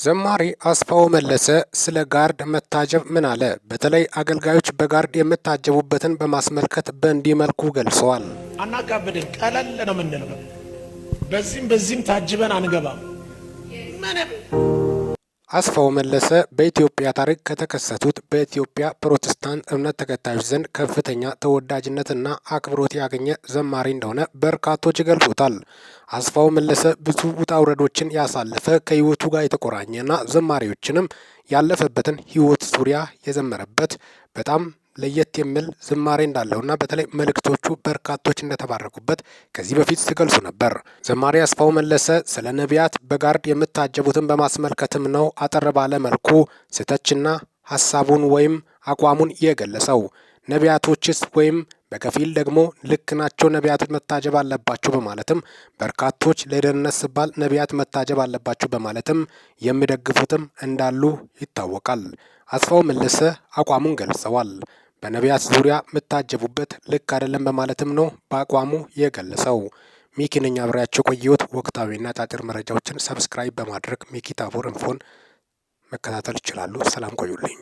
ዘማሪ አስፋው መለሰ ስለ ጋርድ መታጀብ ምን አለ? በተለይ አገልጋዮች በጋርድ የምታጀቡበትን በማስመልከት በእንዲህ መልኩ ገልጸዋል። አናካብድም፣ ቀለል ነው የምንለው። በዚህም በዚህም ታጅበን አንገባም ምንም አስፋው መለሰ በኢትዮጵያ ታሪክ ከተከሰቱት በኢትዮጵያ ፕሮቴስታንት እምነት ተከታዮች ዘንድ ከፍተኛ ተወዳጅነትና አክብሮት ያገኘ ዘማሪ እንደሆነ በርካቶች ይገልጹታል። አስፋው መለሰ ብዙ ውጣ ውረዶችን ያሳለፈ ከህይወቱ ጋር የተቆራኘና ዘማሪዎችንም ያለፈበትን ህይወት ዙሪያ የዘመረበት በጣም ለየት የሚል ዝማሬ እንዳለውና በተለይ መልእክቶቹ በርካቶች እንደተባረኩበት ከዚህ በፊት ሲገልጹ ነበር። ዘማሪ አስፋው መለሰ ስለ ነቢያት በጋርድ የምታጀቡትን በማስመልከትም ነው አጠር ባለ መልኩ ስተችና ሀሳቡን ወይም አቋሙን የገለጸው። ነቢያቶችስ ወይም በከፊል ደግሞ ልክ ናቸው ነቢያቶች መታጀብ አለባቸው በማለትም በርካቶች ለደህንነት ሲባል ነቢያት መታጀብ አለባቸው በማለትም የሚደግፉትም እንዳሉ ይታወቃል። አስፋው መለሰ አቋሙን ገልጸዋል። በነቢያት ዙሪያ የምታጀቡበት ልክ አይደለም በማለትም ነው በአቋሙ የገለጸው። ሚኪ ነኝ አብሬያቸው ቆየሁት። ወቅታዊና አጫጭር መረጃዎችን ሰብስክራይብ በማድረግ ሚኪ ታቦር ኢንፎን መከታተል ይችላሉ። ሰላም ቆዩልኝ።